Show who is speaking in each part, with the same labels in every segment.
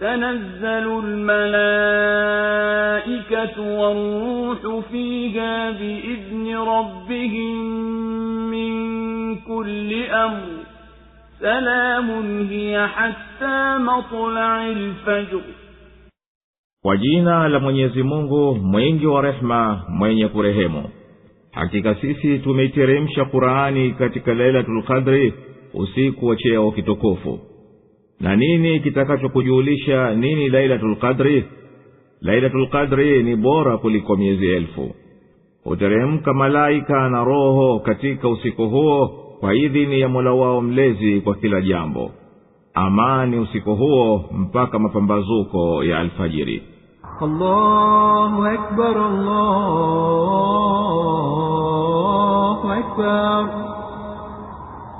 Speaker 1: تنزل الملائكة والروح فيها بإذن ربهم من كل أمر سلام هي حتى مطلع الفجر
Speaker 2: Kwa jina la Mwenyezi Mungu mwingi wa rehema, mwenye kurehemu. Hakika sisi tumeiteremsha Qur'ani katika Lailatul usiku wa cheo kitukufu na nini kitakachokujulisha nini lailatulqadri lailatulqadri ni bora kuliko miezi elfu huteremka malaika na roho katika usiku huo kwa idhini ya mola wao mlezi kwa kila jambo amani usiku huo mpaka mapambazuko ya alfajiri
Speaker 3: allahu akbar, allahu akbar.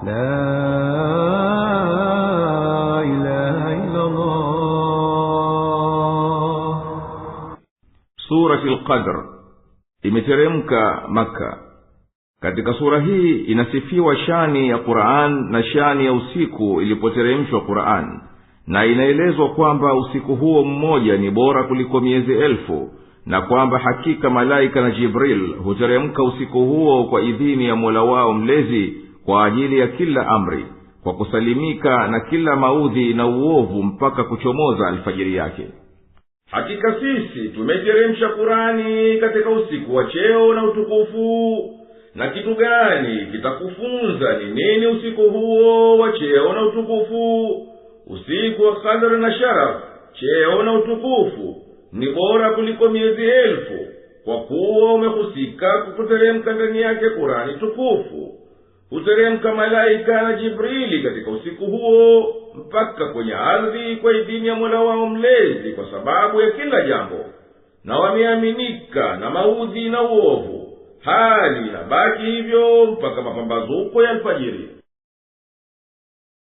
Speaker 3: La
Speaker 4: surati lqadr imeteremka maka katika sura hii inasifiwa shani ya quran na shani ya usiku ilipoteremshwa quran na inaelezwa kwamba usiku huo mmoja ni bora kuliko miezi elfu na kwamba hakika malaika na jibril huteremka usiku huo kwa idhini ya mola wao mlezi kwa ajili ya kila amri kwa kusalimika na kila maudhi na uovu mpaka kuchomoza alfajiri yake
Speaker 5: hakika sisi tumeteremsha kurani katika usiku wa cheo na utukufu na kitu gani kitakufunza ni nini usiku huo wa cheo na utukufu usiku wa khadra na sharaf cheo na utukufu ni bora kuliko miezi elfu kwa kuwa umehusika kukuteremka ndani yake kurani tukufu huteremka malaika na jibrili katika usiku huo mpaka kwenye ardhi kwa idhini ya mola wao mlezi kwa sababu ya kila jambo na wameaminika na maudhi na uovu hali inabaki hivyo mpaka mapambazuko ya alfajiri